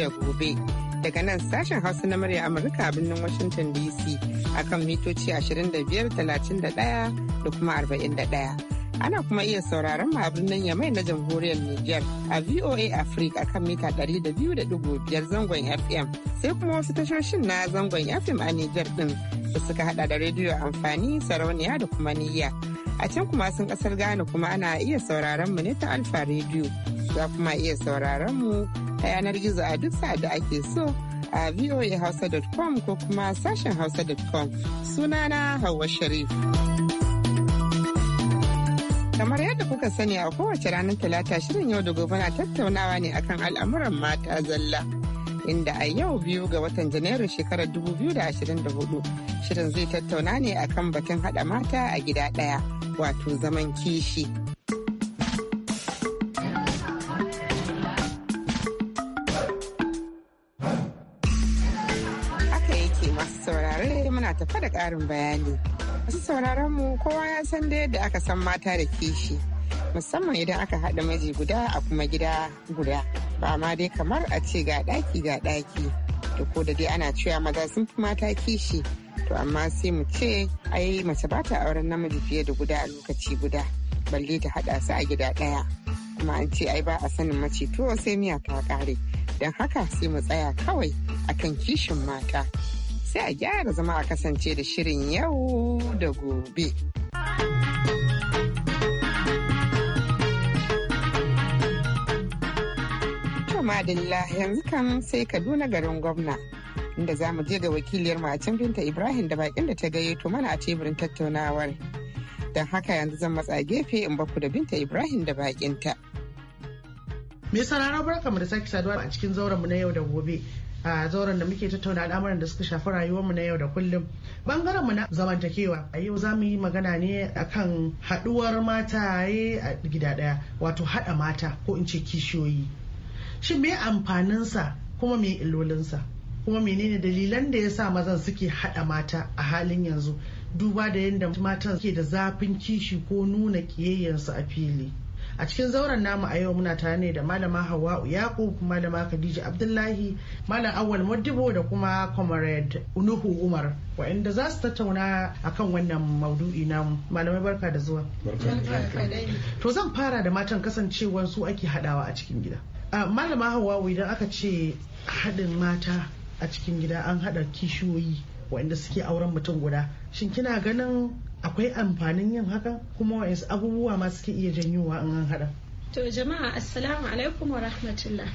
da gobe. Daga nan sashen Hausa na murya Amurka a birnin Washington DC akan mitoci 25, 31 da kuma 41. ana kuma iya sauraron ma birnin yamai na jamhuriyar Niger a VOA Africa akan mita 200.5 zangon FM sai kuma wasu tashoshin na zangon FM a Niger din da suka hada da rediyo amfani sarauniya da kuma niyya. A can kuma sun kasar Ghana kuma ana iya sauraron mu ne ta Alfa Radio. Za kuma iya sauraron mu a yanar gizo a duk sa'ad da ake so a voahausa.com ko kuma sashen hausa.com. na Hauwa Sharif. kamar yadda kuka sani a kowace ranar talata shirin yau da gobe na tattaunawa ne akan al'amuran mata zalla. inda a yau biyu ga watan Janairu shekarar 2024 shirin zai tattauna ne a kan batun haɗa mata a gida ɗaya wato zaman kishi. Haka yake masu saurare muna tafa da ƙarin bayani. Masu sauraron mu kowa ya san da yadda aka san mata da kishi. musamman idan aka haɗa maji guda a kuma gida guda ba ma dai kamar a ce ga ɗaki ga ɗaki da ko da dai ana cewa maza sun fi mata kishi to amma sai mu ce ai mace ba ta auren namiji fiye da guda a lokaci guda balle ta haɗa su a gida ɗaya kuma an ce ai ba a sanin mace to sai miya ta ƙare don haka sai mu tsaya kawai akan kishin mata sai a gyara zama a kasance da shirin yau da gobe. To madalla yanzu kan sai Kaduna garin gwamna. Inda za mu je ga wakiliyar mu a can Binta Ibrahim da bakin da ta gayyato mana a teburin tattaunawar. Don haka yanzu zan matsa gefe in baku da Binta Ibrahim da bakinta. Me sarara barkamu da sake saduwa a cikin zauren mu na yau da gobe. a zauren da muke tattauna al'amuran da suka shafi rayuwarmu na yau da kullum bangaren mu na zamantakewa a yau za mu yi magana ne akan haduwar mataye a gida daya wato hada mata ko in ce kishiyoyi shin me amfaninsa kuma me illolinsa kuma menene dalilan da ya sa mazan suke haɗa mata a halin yanzu duba da yadda matan suke da zafin kishi ko nuna ƙiyayyarsu a fili a cikin zauren namu a yau muna tare da malama hawa'u yakub malama khadija abdullahi malam awal modibo da kuma comrade unuhu umar waɗanda za su tattauna akan wannan maudu'i na malamai barka da zuwa to zan fara da matan kasancewar su ake hadawa a cikin gida malama hawa idan aka ce haɗin mata a cikin gida an haɗa kishiyoyi waɗanda suke auren mutum guda shin kina ganin akwai amfanin yin haka kuma waɗansu abubuwa ma suke iya janyowa in an haɗa To jama'a assalamu alaikum wa rahmatullah.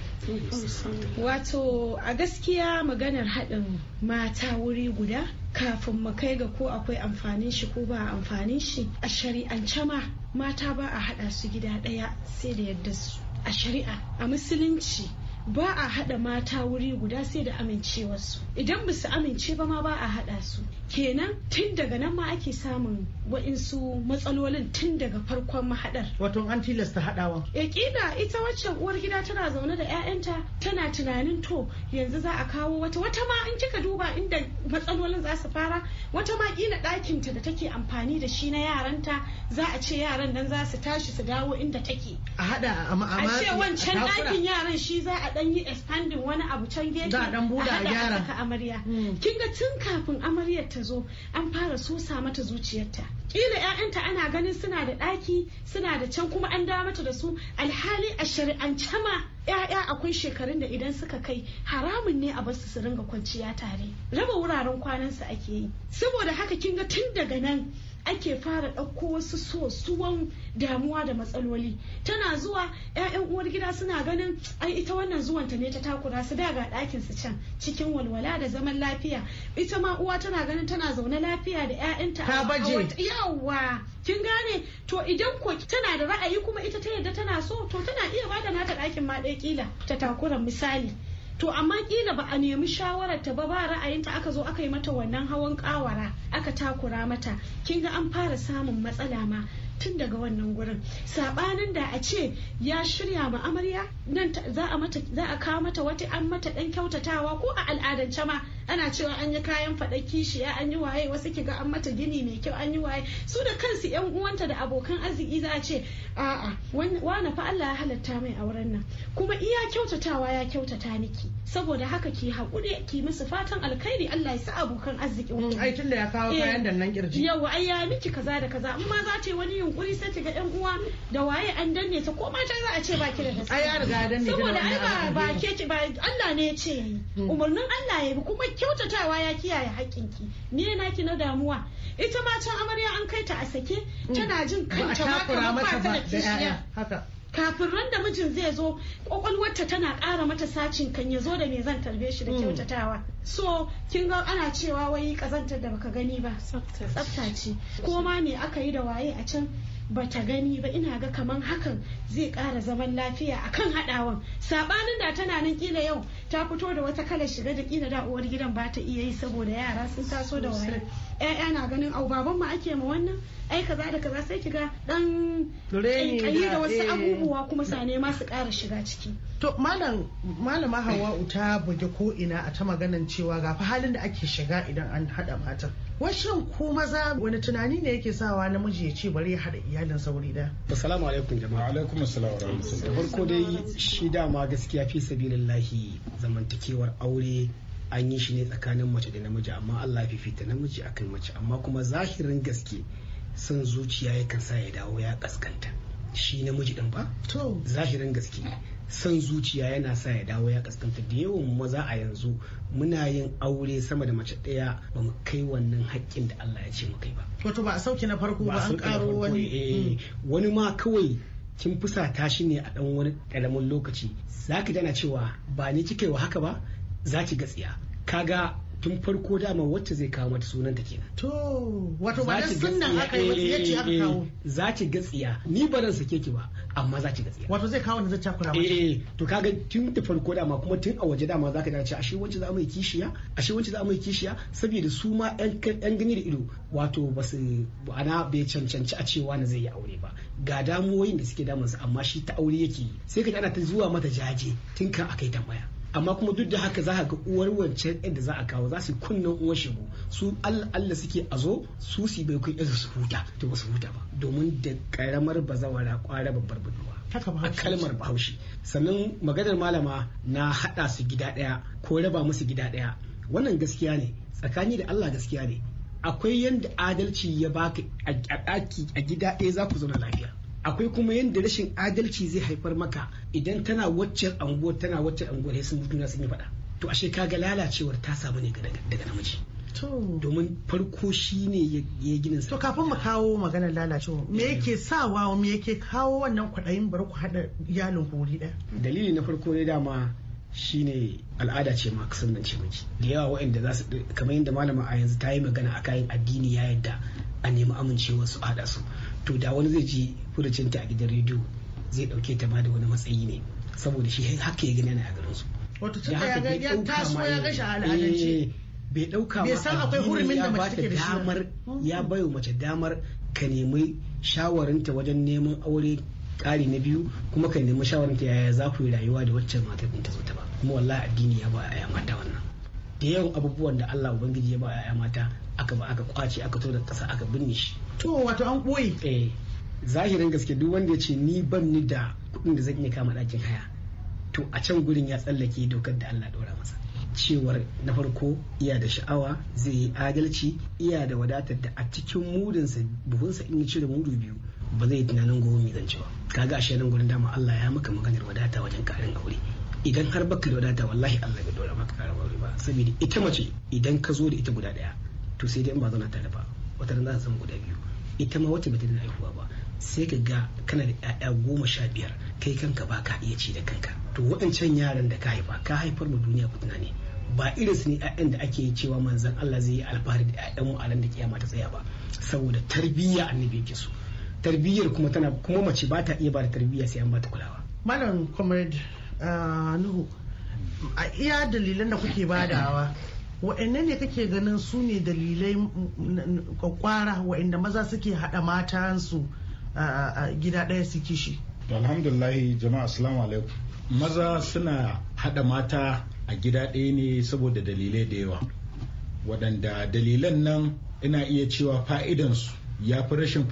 Wato a gaskiya maganar haɗin mata wuri guda kafin mu kai ga ko akwai amfanin shi ko ba amfanin shi a shari'ance ma mata ba a haɗa su gida ɗaya sai da yadda su. a shari'a a musulunci ba a haɗa mata wuri guda sai da amincewarsu idan ba su amince ba ma ba a haɗa su kenan tun daga nan ma ake samun wa'insu matsalolin tun daga farkon mahadar wato an tilasta haɗawa. e kila ita waccan uwar gida tana zaune da 'ya'yanta tana tunanin to yanzu za a kawo wata wata ma in kika duba inda matsalolin za su fara wata ma kila ɗakinta da take amfani da shi na yaranta za a ce yaran nan za su tashi su dawo inda take a haɗa a ce wancan ɗakin yaran shi za a ɗan yi expanding wani abu can gefe a buɗe a gyara. amarya hmm. kin ga tun kafin amaryar ta zo an fara susa mata zuciyarta kila 'ya'yanta ana ganin suna da ɗaki suna da can kuma an dawo mata da su alhali a shari'ance ma 'ya'ya akwai shekarun da idan suka kai haramun ne a basu su ringa kwanciya tare raba wuraren kwanansu ake yi saboda haka kin ga tun daga nan ake fara ɗauko wasu sosuwan damuwa da matsaloli tana zuwa ƴaƴan uwar gida suna ganin ai ita wannan zuwanta ne ta takura su daga ɗakin su can cikin walwala da zaman lafiya ita ma uwa tana ganin tana zaune lafiya da ƴaƴanta ta baje yawa kin gane to idan ko tana da ra'ayi kuma ita ta yadda tana so to tana iya bada nata ɗakin ma ɗaya kila ta takura misali to amma kila ba a nemi shawarar ta ba ba ra'ayinta aka zo aka yi mata wannan hawan kawara aka takura mata kin ga an fara samun matsala ma tun daga wannan gurin sabanin da a ce ya shirya ma amarya nan za a kawo mata wata an mata dan kyautatawa ko a al'adance ma ana cewa an yi kayan faɗa kishiya an yi waye wasu kiga an mata gini mai kyau an yi waye su da kansu yan uwanta da abokan arziki za a ce a'a wani fa Allah ya halatta mai auren nan kuma iya kyautatawa ya kyautata miki saboda haka ki haƙure ki musu fatan alkhairi Allah ya sa abokan arziki. Mm, ai tunda ya kawo kayan da nan kirji yawa ai ya miki kaza da kaza amma za ta yi wani yunkuri sai ga yan uwa da waye an danne ta ko mata za a ce baki da gaskiya ai riga danne saboda ai ba ba ke ba Allah ne ya ce hmm. umarnin Allah ya bi kuma kyautatawa ya kiyaye haƙƙinki Ni naki na damuwa ita ma can amarya an kai ta a sake hmm. tana jin kanta ma kamar ba ta da kishiya kafin randa mijin zai zo kwakwalwarta tana ƙara mata sacin kan ya zo da me zan tarbe shi da mm. kyautatawa so kin ga ana cewa wai kazantar da baka gani ba tsafta ce ko ma me aka yi da waye a can ba ta gani ba ina ga kaman hakan zai ƙara zaman lafiya a kan haɗawan saɓanin da tana nan kila yau ta fito da wata kalar shiga da kila da uwar gidan ba ta iya yi saboda yara sun taso da wani ƴaƴa na ganin au baban ma ake ma wannan ai kaza da kaza sai kiga dan ƙanƙani da wasu eh. abubuwa kuma sane ma su ƙara shiga ciki to malam malama hawa ta buge ko ina a ta maganan cewa ga halin da ake shiga idan an haɗa matan washin ko maza wani tunani ne yake sawa namiji ya ce bari ya haɗa iyalin sauri da assalamu alaikum jama'a alaikum assalam wa farko dai shi dama gaskiya fi sabilillahi zamantakewar aure an yi shi ne tsakanin mace da namiji amma Allah ya fifita namiji akan mace amma kuma zahirin gaske son zuciya yakan sa ya dawo ya kaskanta shi namiji din ba to zahirin gaske son zuciya yana sa ya dawo ya kaskanta da yawan maza a yanzu muna yin aure sama da mace ɗaya ba mu kai wannan haƙƙin da Allah ya ce mu kai ba wato ba a sauki na farko ba an karo wani eh, hmm. wani ma kawai kin fusata shi ne a ɗan wani ƙaramin lokaci za ki dana cewa ba ni kika wa haka ba za ki gatsiya kaga tun farko dama wacce zai kawo mata sunanta kenan to wato ba dan sunnan aka yi wata yace aka eh, kawo eh, za ki ga tsiya ni ba zan sake ki ba amma za ki ga tsiya wato zai kawo ne zai cakura mata eh to kaga tun da farko dama kuma tun a waje dama zaka dace ashe wacce za mu yi kishiya ashe wacce za mu yi kishiya saboda su ma yan gani da ido wato ba su ana bai cancanci a cewa na zai yi aure ba ga damuwoyin da suke damunsa amma shi ta aure yake yi sai ka ana ta zuwa mata jaje tun kan akai tambaya amma kuma duk da haka za ka ga uwar wancan yadda za a kawo za su kunna uwar shigo su Allah Allah suke a zo su su bai kun yadda su huta to ba su huta ba domin da karamar bazawara kwara babbar budurwa a kalmar bahaushe sannan maganar malama na hada su gida daya ko raba musu gida daya wannan gaskiya ne tsakani da Allah gaskiya ne akwai yadda adalci ya baka a gida ɗaya za ku zauna lafiya akwai kuma yadda rashin adalci zai haifar maka idan tana waccan anguwar tana waccan anguwar sun mutuna sun yi faɗa to ashe kaga lalacewar ta samu ne daga namiji domin farko shi ne ya gina to kafin mu kawo maganar lalacewa me eh. yake sawa me yake kawo wannan kwaɗayin bari ku haɗa iyalin guri ɗaya dalili na farko ne dama shine al'ada ce ma kasan nan ce miki da yawa wa'inda za su kamar yadda malama a yanzu ta yi magana a kayan addini ya yadda a nemi amincewa su haɗa su to da wani zai ji furucinta a gidan rediyo zai dauke ta ma da wani matsayi ne saboda shi haka ya gani yana a garin su wato tun da ya ga ya taso ya ga eh, bai dauka bai san akwai hurumin da mace take da damar hmm. ya bayo mace damar ka nemi shawarinta wajen neman aure kari na biyu kuma ka nemi shawarinta yaya za ku yi rayuwa da wacce matar ta zo ta ba kuma wallahi addini ya ba a mata wannan da yawan abubuwan da Allah ubangiji ya ba a mata aka ba aka kwace aka to da kasa aka binne shi to wato an koyi eh zahirin gaske duk wanda ya ce ni ban ni da kuɗin da zan iya kama ɗakin haya to a can gurin ya tsallake dokar da Allah ɗora masa cewar na farko iya da sha'awa zai yi adalci iya da wadatar da a cikin mudinsa buhunsa in ya cire mudu biyu ba zai tunanin gobe mai zance ba kaga ashe nan gurin dama Allah ya maka maganar wadata wajen karin aure idan har baka da wadata wallahi Allah bai dora maka karin aure ba saboda ita mace idan ka zo da ita guda daya to sai dai in ba zauna tare ba wata za ta zama guda biyu ita ma wacce bata da haihuwa ba sai ka ga kana da 'ya'ya goma sha biyar kai kanka ba ka iya ci da kanka to waɗancan yaran da ka haifa ka haifar mu duniya ku ne ba irin su ne 'ya'yan da ake cewa manzan Allah zai yi alfahari da 'ya'yan mu a da kiyama ta tsaya ba saboda tarbiyya annabi yake so tarbiyyar kuma tana kuma mace ba ta iya ba da tarbiyya sai an ba ta kulawa malam comrade ah, nuhu a iya dalilan da kuke badawa wa'anne ne kake ganin su ne dalilai mm, mm, kwakwara wa'anda maza suke hada matansu a gida ɗaya su kishi alhamdulillah jama'a assalamu alaikum maza suna haɗa mata a gida ɗaya ne saboda dalilai da yawa waɗanda dalilan nan ina iya cewa fa'idansu ya fi rashin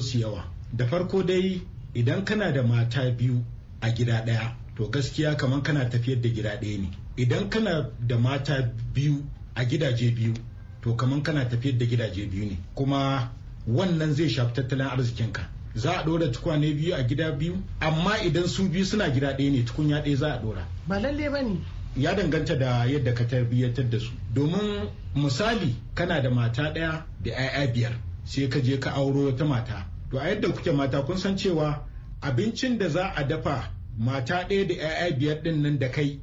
su yawa da farko dai idan kana da mata biyu a gida ɗaya to gaskiya kamar kana tafiyar da gida ɗaya ne idan kana da mata biyu a gidaje biyu to kamar kana tafiyar da gidaje biyu ne kuma wannan zai shafi tattalin arzikinka za a ɗora tukwane biyu a gida biyu amma idan su biyu suna gida ɗaya ne tukunya ɗaya za a ɗora ba lalle ba ne ya danganta da yadda ka tarbiyyatar da su domin misali kana da mata ɗaya da 'ya'ya biyar sai ka je ka auro wata mata to a yadda kuke mata kun san cewa abincin da za a dafa mata ɗaya da 'ya'ya biyar ɗin nan da kai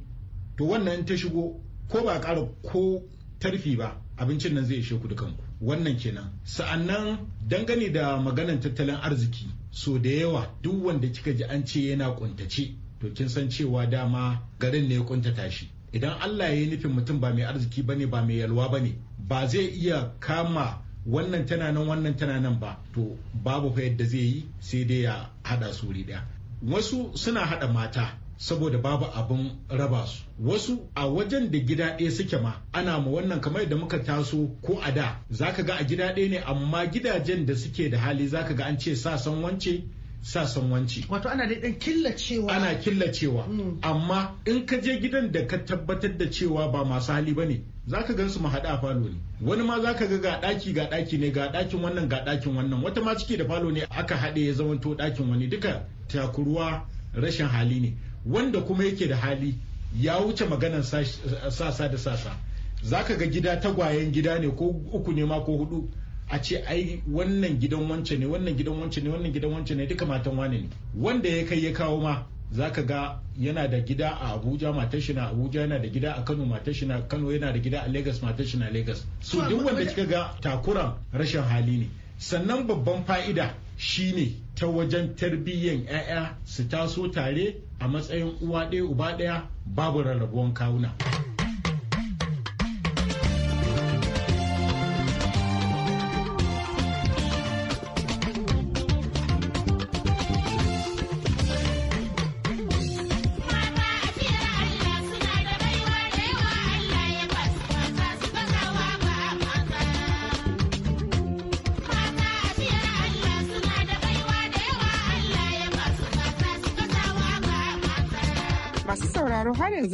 to wannan ta shigo ko ba ƙara ko tarfi ba abincin nan zai ishe ku dukanku wannan kenan sa'annan dangane da maganan tattalin arziki so da yawa duk wanda kika ji an ce yana kuntace to kin san cewa dama garin ne ya kuntata shi idan Allah ya yi nufin mutum ba mai arziki bane ba mai yalwa bane ba zai iya kama wannan tana nan wannan tana nan ba to babu fa yadda zai yi sai dai ya hada su ɗaya. wasu suna hada mata saboda babu abin raba su wasu a wajen da gida ɗaya suke ma ana ma wannan kamar da muka taso ko a da zaka ga a gida ɗaya ne amma gidajen da suke da hali zaka ga an ce sa san wance sa san wance wato ana dai dan killacewa ana killacewa hmm. amma in ka je gidan da ka tabbatar da cewa ba masu hali bane zaka gan su hada falo ne wani ma zaka ga ga ɗaki ga ɗaki ne ga ɗakin wannan ga ɗakin wannan wata ma cike da falo ne aka haɗe ya zamanto ɗakin wani duka takuruwa rashin hali ne wanda kuma yake da hali ya wuce maganan sasa da sasa za ka ga gida tagwayen gida ne ko uku ne ma ko hudu a ce ai wannan gidan wance ne wannan gidan wance ne wannan gidan wance ne duka matan wane ne wanda ya kai ya kawo ma za ka ga yana da gida a abuja matar shi na abuja yana da gida a kano matar shi na kano yana da gida a lagos matar shi na lagos so duk wanda kika ga takuran rashin hali ne sannan babban fa'ida shine ta wajen tarbiyyan 'ya'ya su taso tare a matsayin uwa ɗaya uba ɗaya babu rarrabuwan kawuna.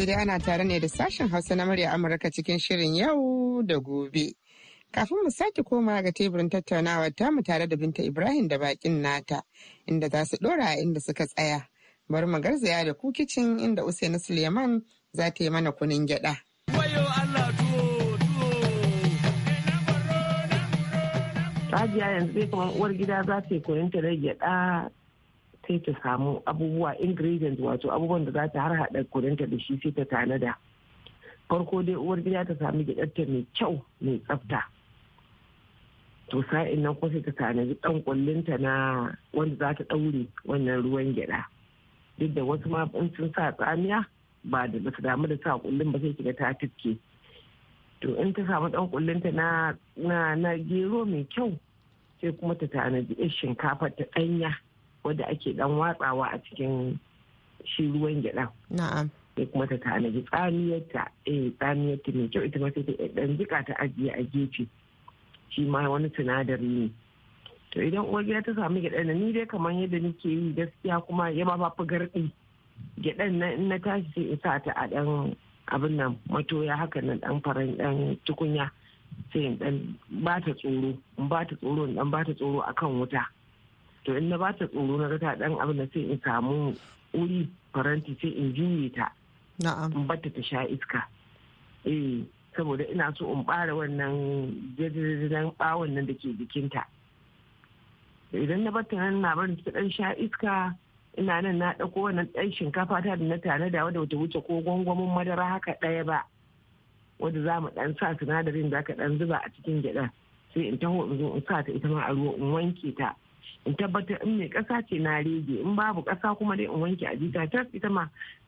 yanzu dai ana tare ne da sashen hausa na murya amurka cikin shirin yau da gobe kafin mu sake koma ga teburin tattaunawar mu tare da binta ibrahim da bakin nata inda za su dora inda suka tsaya bari mu garzaya da kukicin inda usaini suleiman za ta yi mana kunin gyada Hajiya yanzu zai kuma uwar gida za ta yi koyon ta rage gyada sai ta samu abubuwa ingredients wato abubuwan da za ta har haɗa kudinta da shi sai ta tanada farko dai uwar gida ta sami gidanta mai kyau mai tsafta to sa'in nan kuma sai ta tanadi ɗan kullinta na wanda za ta ɗaure wannan ruwan gyada duk da wasu ma in sun sa tsamiya ba da ba su damu da sa kullin ba sai kiga ta tufke to in ta samu ɗan kullinta na na gero mai kyau sai kuma ta tanadi shinkafa ta ɗanya wadda ake dan watsawa a cikin shi ruwan gyaɗa. Na'am. Sai kuma ta tanaji tsamiyarta, eh tsamiyarta mai kyau ita ma sai ta dan jika ta ajiye a gefe. Shi ma wani sinadari ne. To idan uwar gida ta samu gyaɗa na ni dai kamar yadda nake yi gaskiya kuma ya ma fi garɗi. Gyaɗan na in na tashi sai in sa ta a ɗan abin nan matoya haka na ɗan faran ɗan tukunya. sai in ɗan ba ta tsoro in ba ta tsoro in ɗan ba ta tsoro akan wuta. to in na bata tsoro na ta dan abin da sai in samu wuri faranti sai in juye ta in bata ta sha iska eh saboda ina so in bara wannan jirgin bawon nan da ke jikinta idan na bata nan na barin ta dan sha iska ina nan na ɗauko wannan ɗan shinkafa ta da na tare da wadda wata wuce ko gwangwamin madara haka ɗaya ba wadda za mu ɗan sa sinadarin da aka ɗan zuba a cikin gyaɗa sai in taho in zo in sa ta ita ma a ruwa in wanke ta in tabbatar in mai kasa ce na rege in babu kasa kuma dai in wanke a jita ta ita ma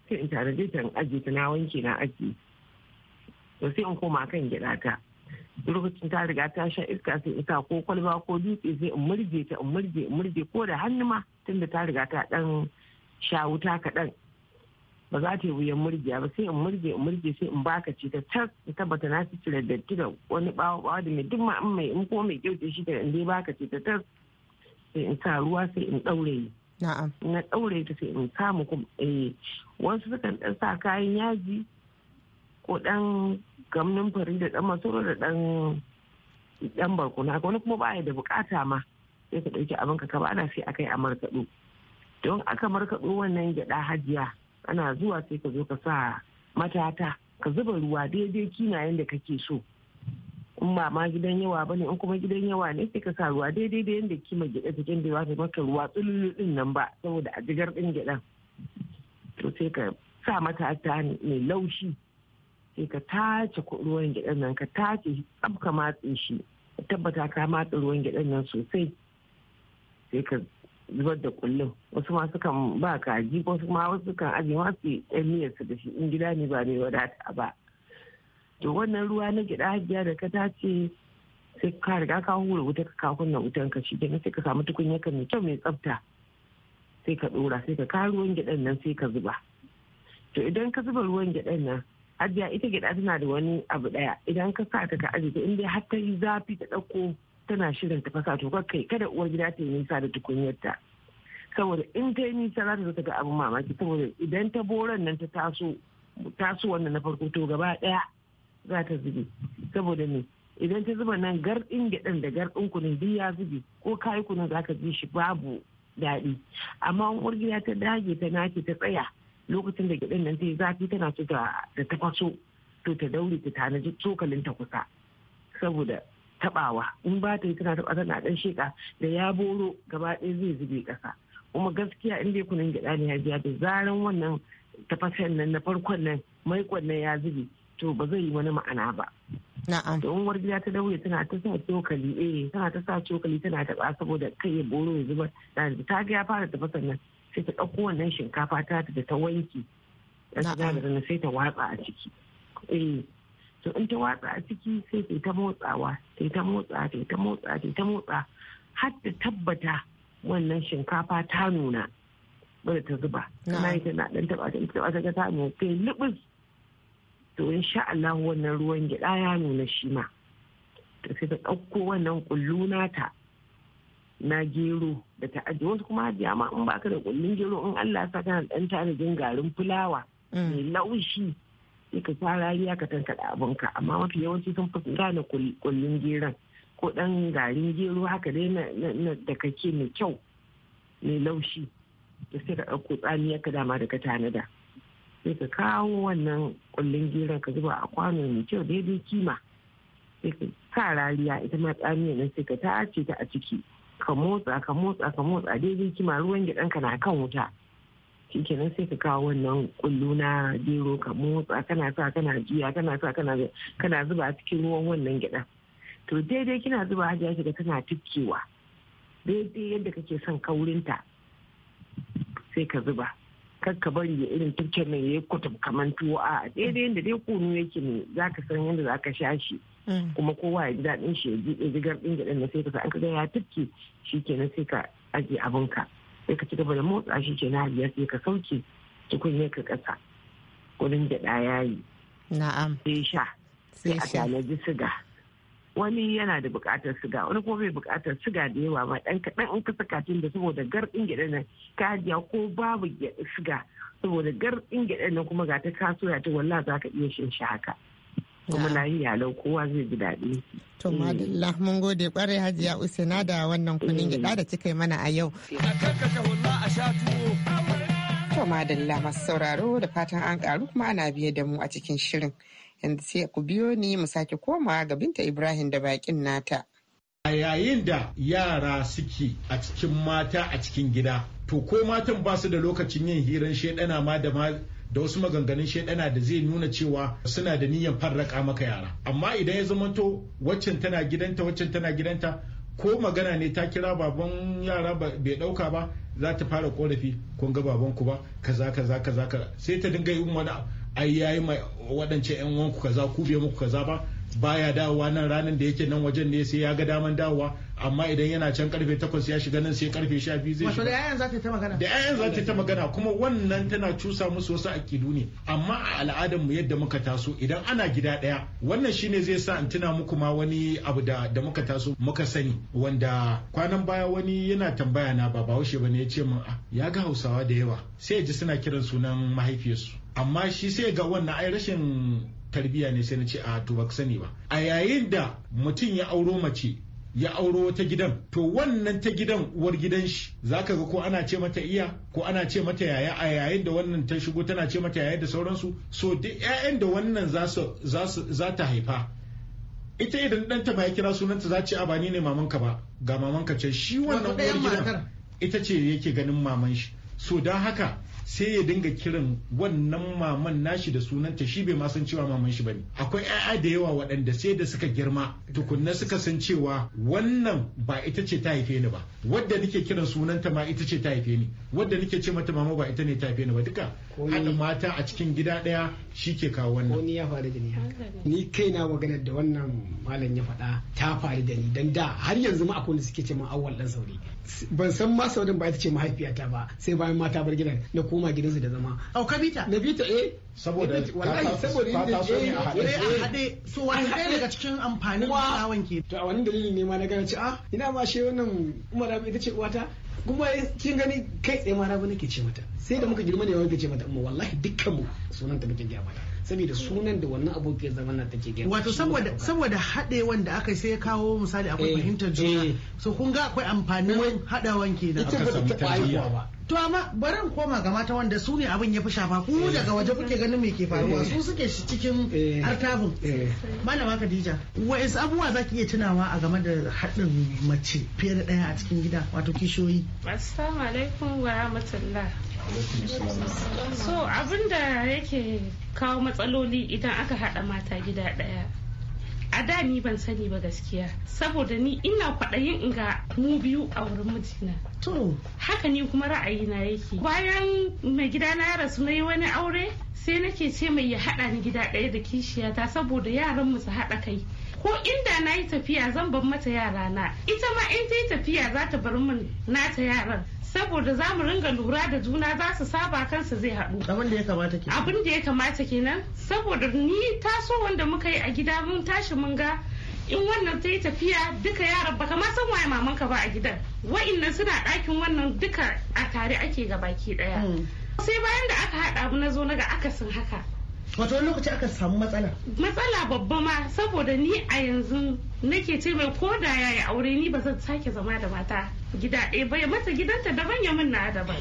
sai in tare ta in aje ta na wanke na aji." to sai in koma kan gida ta lokacin ta riga ta sha iska sai in sa ko kwalba ko dutse sai in murje ta in murje in murje ko da hannu ma tunda ta riga ta dan sha wuta kaɗan ba za ta yi wuyan murjiya ba sai in murje in murje sai in baka ce ta tas in tabbata na ci cire datti da wani bawa bawa da mai duk ma in mai in ko mai ce shi ta in dai baka ce ta tas sai in sa ruwa sai in ɗaure na ɗaure ta sai in samu kuma eh wasu sukan ɗan sa kayan yaji ko ɗan gamnin fari da ɗan masoro da ɗan ɗan barkuna wani kuma baya da bukata ma sai ka ɗauki abin ka kaba ana sai akai a markaɗo don aka markaɗo wannan gyaɗa hajiya ana zuwa sai ka zo ka sa matata ka zuba ruwa daidai kina yadda kake so in ba ma gidan yawa ba ne in kuma gidan yawa ne sai ka sa ruwa daidai da yadda kima gida cikin da ba maka ruwa tsululu din nan ba saboda a jigar din gidan to sai ka sa mata ta mai laushi sai ka tace ruwan gidan nan ka tace tsabka matsin shi shi tabbata ka matsa ruwan gidan nan sosai sai ka zubar da kullum wasu ma sukan ba kaji wasu ma wasu kan ajiye ma su yan miyar su da shi in gida ne ba mai wadata ba to wannan ruwa na gida hajiya da ka tace sai ka riga ka hura wuta ka kawo kunna wutan ka shi sai ka samu tukunya ka mai kyau mai tsafta sai ka dora sai ka ka ruwan gidan nan sai ka zuba to idan ka zuba ruwan gidan nan hajiya ita gida tana da wani abu daya idan ka sa ta ka ajiye in dai har ta yi zafi ta dauko tana shirin ta fasa to kai kada uwar gida ta yi nisa da tukunyarta saboda in ta yi nisa za ta zo ta ga abin mamaki saboda idan ta boran nan ta taso taso wannan na farko to gaba daya za ta zube saboda me idan ta zuba nan garɗin gyaɗan da garɗin kunun duk ya zube ko kayi kunin za ka ji shi babu daɗi amma uwargida ta dage ta nace ta tsaya lokacin da gyaɗan nan ta yi zafi tana so da tafaso to ta daure ta tanaji cokalin ta kusa saboda taɓawa in ba ta yi tana taba tana ɗan sheka da ya boro gaba ɗaya zai zube ƙasa kuma gaskiya in dai kunin gyaɗa ne ya biya da zaran wannan tafasen nan na farkon nan maikon nan ya zube to ba zai yi wani ma'ana ba na'am da uwar gida ta dauye tana ta sa cokali eh tana ta sa cokali tana ta ba saboda kai ya boro ya zuba ta ga ya fara tafasa nan sai ta ɗauko wannan shinkafa ta da ta wanki Na'am. da sai ta watsa a ciki eh to in ta watsa a ciki sai sai ta motsawa sai ta motsa sai ta motsa sai ta motsa har ta tabbata wannan shinkafa ta nuna bada ta zuba kana yi na dan taba ta ita ta ga ta mu kai lubus to insha Allah wannan ruwan gyaɗa ya nuna shi ma to sai ta ɗauko wannan kullu ta na gero da ta ajiye wasu kuma ajiya ma in baka da kullun gero in Allah sa kana dan tanajin garin fulawa mm. mai laushi sai ka sa rariya ka tankaɗa abinka amma mafi yawanci sun fi gane kullun geron ko ɗan garin gero haka dai na da kake mai kyau mai laushi da sai ka ɗauko tsamiyar ka dama da ka tanada sai ka kawo wannan kullin geron ka zuba a kwano mai kyau daidai kima sai ka sa rariya ita ma tsamiya nan sai ka tace ta a ciki ka motsa ka motsa ka motsa daidai kima ruwan gidan ka na kan wuta shikenan sai ka kawo wannan kullu na gero ka motsa kana sa kana jiya kana sa kana kana zuba cikin ruwan wannan gidan to daidai kina zuba a jiya shiga tana tukkewa daidai yadda kake son kaurinta sai ka zuba kakka bari ya irin tafken nan ya kutum kaman tuwo a daidai yadda dai kunu yake ne zaka san yadda za ka sha shi mm. kuma kowa ya ji daɗin shi ya ji ya ji gardin gaɗin na sai ka an ka ga ya tafke shi na sai ka aje abinka sai ka ci gaba da motsa shi ke na ya sai ka sauke tukunyar ka ƙasa wurin gyaɗa yayi na'am sai sha sai a tanaji siga wani yana da bukatar siga wani kuma bai bukatar siga da yawa ba dan kaɗan in kasa katin da saboda garɗin gyaɗa nan kajiya ko babu siga saboda garɗin gyaɗa nan kuma ga ta ya ta wallah za ka iya shan shi haka kuma lafiya lau kowa zai ji daɗi. To madalla mun gode kwarai hajiya Usaina da wannan kunin gyaɗa da kika mana a yau. To madalla masu sauraro da fatan an karu kuma ana biye da mu a cikin shirin. yanzu sai ku biyo ni mu sake komawa ga binta ibrahim da bakin nata a yayin da yara suke a cikin mata a cikin gida to ko matan ba su da lokacin yin hirar shaidana ma da wasu maganganun shaidana da zai nuna cewa suna da niyyar farraka maka yara amma idan ya zamanto waccan tana gidanta waccan tana gidanta ko magana ne ta kira baban yara bai dauka ba za ta fara korafi kun ga babanku ba kaza kaza kaza sai ta dinga yin wani ai yayi mai waɗance yan wanku kaza ku bai muku kaza ba baya dawowa nan ranar da yake nan wajen ne sai ya ga daman dawowa amma idan yana can karfe 8 ya shiga nan sai karfe 12 zai shiga da ƴaƴan za ta ta magana da ƴaƴan za ta magana kuma wannan tana cusa musu wasu akidu ne amma a al'adar mu yadda muka taso idan ana gida ɗaya. wannan shine zai sa in tuna muku ma wani abu da da muka taso muka sani wanda kwanan baya wani yana tambaya na ba ba ne ya ce min ah, ya ga Hausawa da yawa sai ya ji suna kiran sunan mahaifiyarsu amma shi sai ga wannan ai rashin tarbiyya ne sai na ce a to ba sani ba a yayin da mutum ya auro mace ya auro wata gidan to wannan ta gidan uwar gidan shi zaka ga ko ana ce mata iya ko ana ce mata yaya a yayin da wannan ta shigo tana ce mata yaya da sauransu so duk ƴaƴan da wannan za ta haifa ita idan ɗanta ba ya kira sunanta za ce a ba ni ne mamanka ba ga mamanka ce shi wannan uwar gidan ita ce yake ganin maman shi so don haka sai ya dinga kiran wannan maman nashi da sunanta shi bai ma san cewa maman shi bane akwai 'ya'ya da yawa waɗanda sai da suka girma tukunna suka san cewa wannan ba ita ce ta haife ni ba wadda nake kiran sunanta ma ita ce ta haife ni wadda nake ce mata mama ba ita ne ta haife ni ba duka haɗa mata a cikin gida ɗaya shi ke kawo wannan ni ya faru da ni haka ni kaina maganar da wannan malam ya faɗa ta faru da ni dan da har yanzu ma akwai wanda suke ce ma awwal dan saurayi ban san ma saurin ba ita ce mahaifiyata ba sai bayan mata bar gidan na ko koma gidansa da zama au ka bita na bita eh saboda wallahi saboda inda eh a hade eh, eh, so wani ɗaya daga cikin amfanin tsawon ke to a wani dalilin ne ma na gane ce ah ina ma she wannan Umar Rabi ita ce uwata kuma kin gani kai tsaye ma Rabi nake ce mata sai da muka girma ne muka ce mata amma wallahi dukkan mu sunan ta muke gaya mata saboda sunan da wannan abokiyar zaman na take gaya wato saboda saboda hadewan da aka sai ya kawo misali akwai eh, fahimtar juna so kun ga akwai amfanin hadawan kenan ita ba ta ba to amma bari in koma ga mata wanda su ne abin ya fi shafa ku eh. daga waje kuke ganin me ke faruwa eh. su suke cikin eh. artabin malama Khadija wa'is abubuwa zaki iya tunawa a game da haɗin mace fiye da ɗaya a cikin gida wato kishiyoyi assalamu alaikum wa rahmatullah so da yake kawo matsaloli idan aka haɗa mata gida ɗaya a da ni ban sani ba gaskiya saboda ni ina kwaɗayin yin ga mu biyu a wurin mijina to haka ni kuma ra'ayina yake bayan mai gida na rasu na yi wani aure sai nake ce mai ya haɗa ni gida ɗaya da kishiyata saboda yaran mu su haɗa kai ko inda na yi tafiya zan bar mata yara na ita ma in ta yi tafiya za ta bar min nata yaran saboda za mu ringa lura da juna za su saba kansa zai haɗu abin da ya kamata kenan abin da ya kamata kenan saboda ni taso wanda muka yi a gida mun tashi mun ga in wannan ta yi tafiya duka yaran baka ma san waye mamanka ba a gidan wa'annan suna ɗakin wannan duka a tare ake ga baki ɗaya mm. sai bayan da aka haɗa mu na zo na ga akasin haka wato wani lokaci aka samu matsala matsala babba ma saboda ni a yanzu nake ce mai ko da yayi aure ni ba zan sake zama da mata gida ɗaya ba ya mata gidanta daban ya min na daban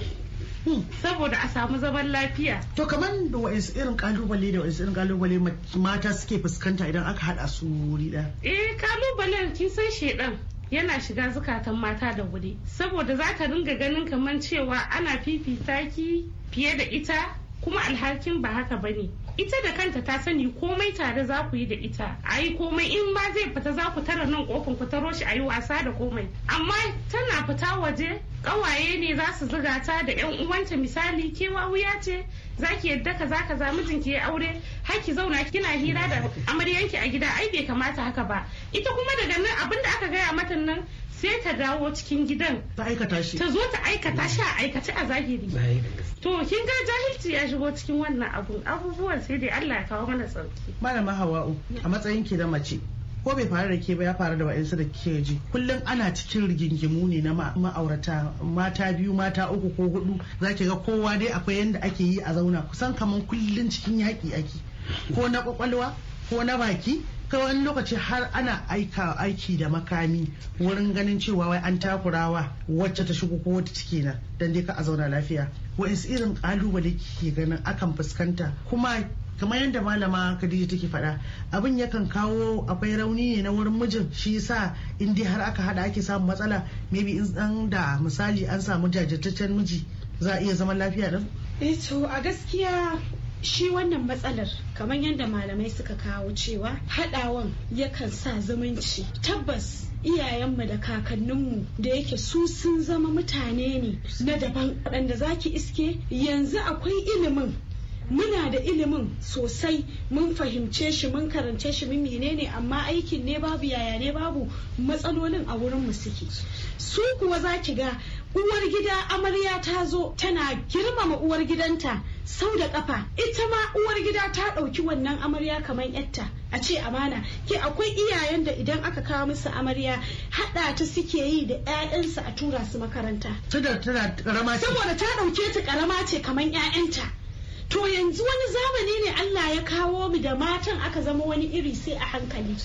hmm. saboda a samu zaman lafiya to kamar da wa'insu irin kalubale da wa'insu irin kalubale mata suke fuskanta idan aka haɗa su wuri ɗaya eh kalubalen kin san shedan yana shiga zukatan mata da wuri saboda za ta ringa ganin kamar cewa ana fifita ki fiye da ita kuma alhakin ba haka ba ne, ita da kanta ta sani komai tare za ku yi da ita a yi komai in ba zai fita za ku tara nan kofin ku taro shi yi wasa da komai amma tana fita waje kawaye ne za su zuga ta da yan uwanta misali ke wuya ce zaki yadda ka za ka za mijinki ya aure har ki zauna kina hira da amaryanki a gida ai bai kamata haka ba ita kuma daga nan abin da aka gaya mata nan sai ta dawo cikin gidan ta aikata shi ta zo ta aikata shi a aikace a zahiri to kin ga jahilci ya shigo cikin wannan abun abubuwan sai dai Allah ya kawo mana sauki malama hawa'u a matsayin ki da mace ko bai faru da ke ba ya faru da wa'insu da ke ji kullum ana cikin rigingimu ne na ma'aurata mata biyu mata uku ko hudu zaki ga kowa dai akwai yadda ake yi a zauna kusan kamar kullum cikin yaƙi ake ko na kwakwalwa ko na baki ka wani lokaci har ana aika aiki da makami wurin ganin cewa wai an takurawa wacce ta shigo ko wata ciki na dan dai ka a zauna lafiya wa'insu irin kalubale ke ganin akan fuskanta kuma kamar yadda malama Khadija take faɗa abin yakan kawo akwai rauni ne na wurin mijin shi yasa in dai har aka hada ake samun matsala maybe in dan da misali an samu jajirtaccen miji za a iya zaman lafiya din eh to a gaskiya shi wannan matsalar kamar yadda malamai suka kawo cewa haɗawan yakan sa zumunci tabbas iyayenmu da kakanninmu da yake su sun zama mutane ne na daban waɗanda zaki iske yanzu akwai ilimin muna da ilimin sosai mun fahimce shi mun karance shi mun menene amma aikin ne babu yaya ne babu matsalolin a wurin mu suke su kuwa za ki ga uwar gida amarya ta zo tana girmama uwar gidanta sau da kafa ita ma uwar gida ta ɗauki wannan amarya kamar yatta a ce amana ke akwai iyayen da idan aka kawo musu amarya haɗa ta suke yi da 'ya'yansu a tura su makaranta saboda ta ɗauke ta ƙarama ce kamar 'ya'yanta to yanzu wani zamani ne Allah ya kawo mu da matan aka zama wani iri sai a hankali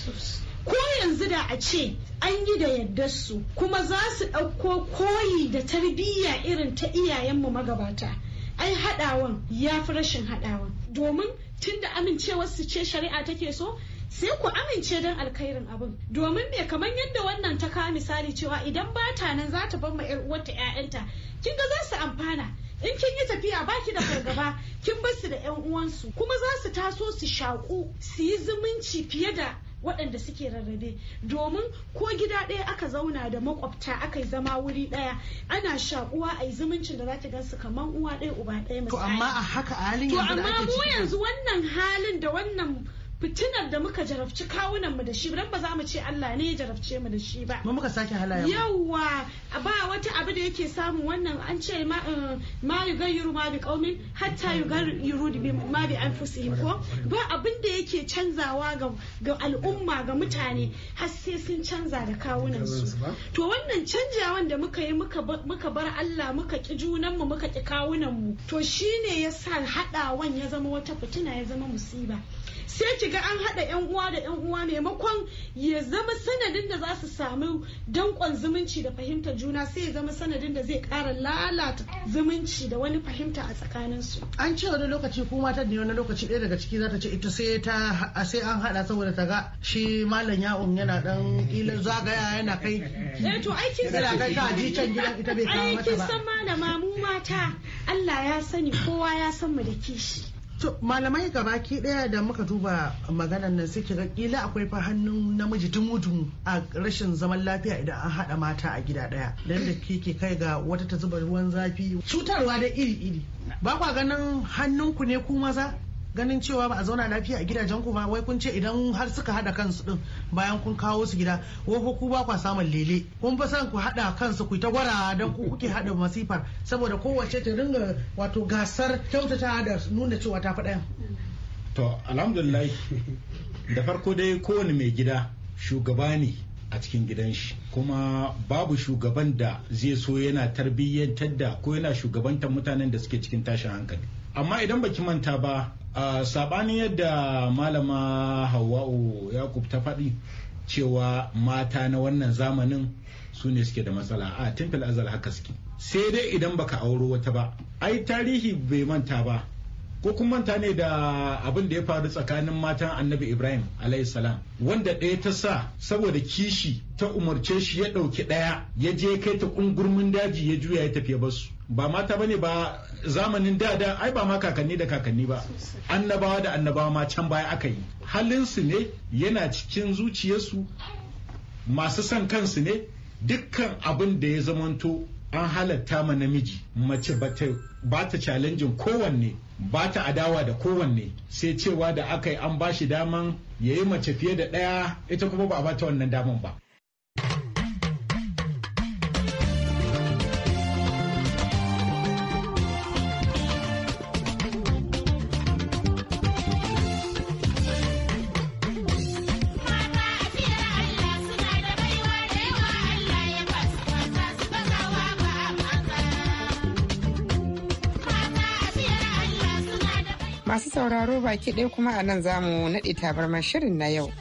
ko yanzu da a ce an yi da yadda su kuma za su ɗauko koyi da tarbiyya irin ta iyayenmu magabata ai haɗawan ya fi rashin haɗawan domin tunda amincewar su ce shari'a take so sai ku amince don alkhairin abin domin me kamar yadda wannan ta kawo misali cewa idan ba ta nan za ta bar ma 'yar uwarta 'ya'yanta kinga ga za su amfana in kin yi tafiya baki da fargaba kin bar su da yan uwansu kuma za su taso su shaku su yi zumunci fiye da waɗanda suke rarrabe domin ko gida ɗaya aka zauna da makwabta aka yi zama wuri ɗaya ana shakuwa a yi zumuncin da za ta gansu kamar uwa ɗaya uba ɗaya misali to amma a haka halin yanzu da ake ciki to amma mu yanzu wannan halin da wannan fitinar da muka jarabci kawunan mu da shi dan ba za mu ce Allah ne ya jarabce mu da shi ba mu muka sake halaya yawa ba wata abu da yake samu wannan an ce ma eh, ma yugayiru ma bi qaumi hatta yugayiru bi ma bi anfusihim ko ba abin da yake canzawa ga ga al'umma ga mutane har sai sun canza da kawunan su to wannan canjawan da muka yi muka muka bar Allah muka ki junan mu muka ki kawunan mu to shine yasa hadawan ya zama wata fitina ya zama musiba sai ki ga an haɗa yan uwa da yan uwa maimakon ya zama sanadin da za su samu danƙon zumunci da fahimtar juna sai ya zama sanadin da zai ƙara lalata zumunci da wani fahimta a tsakanin su an ce wani lokaci kuma ta ne wani lokaci ɗaya daga ciki za ta ce ita sai ta sai an haɗa saboda ta ga shi malam ya'un yana dan ilin zagaya yana kai eh to aikin da ta ji can gidan ita bai kawo mata ba aikin san malama mu mata Allah ya sani kowa ya san mu da kishi To malamai gaba ki daya da muka duba maganan nan suke ga kila akwai fa hannun namiji dumu-dumu a rashin zaman lafiya idan an haɗa mata a gida daya. Dan da ke kai ga wata ta zuba ruwan zafi cutarwa da iri-iri. Ba kwa ganin hannunku ne ku maza ganin cewa ba a zauna lafiya a gidajen ku ba wai kun ce idan har suka hada kansu din bayan kun kawo su gida wai ku ba kwa samun lele kun fa san ku hada kansu ku ta gwara dan ku kuke hada masifar saboda kowace ta ringa wato gasar kyautata da nuna cewa ta faɗa to alhamdulillah da farko dai kowane mai gida shugaba ne a cikin gidan shi kuma babu shugaban da zai so yana tarbiyyantar da ko yana shugabantar mutanen da suke cikin tashin hankali amma idan baki manta ba a sabanin yadda malama hawa'u yakub ta faɗi cewa mata na wannan zamanin su ne suke da matsala a tun azal haka suke sai dai idan baka auro wata ba ai tarihi bai manta ba ko kun manta ne da abin da ya faru tsakanin matan annabi ibrahim salam wanda ɗaya ta sa saboda kishi ta umarce shi ya ɗauki ɗaya ya je kai ta ƙungurmin daji ya juya ya tafi basu ba mata ba ne ba zamanin da da ai ba ma kakanni da kakanni ba annabawa da annabawa ma can baya aka yi halinsu ne yana cikin zuciyarsu masu son kansu ne dukkan abin da ya zamanto an halatta ma namiji mace ba ta challenging kowanne ba ta adawa da kowanne sai cewa da aka yi an ba shi daman ya yi mace fiye da ɗaya ita kuma ba a ba ta wannan daman ba Masu sauraro baki ɗaya kuma a nan za mu naɗe tabarmar shirin na yau.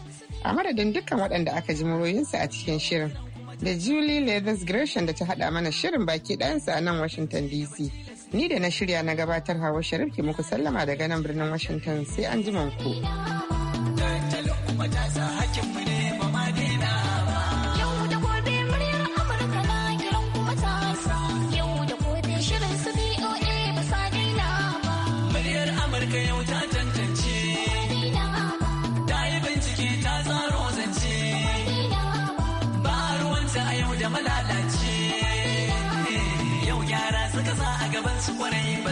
A madadin dukkan waɗanda aka ji muroyinsa a cikin shirin. Da Julie Leathers Gresham da ta haɗa mana shirin baki ɗayansa a nan Washington DC. Ni da na shirya na gabatar hawa Sharif ke muku sallama daga nan birnin Washington sai an ji ku.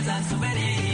I'm so bare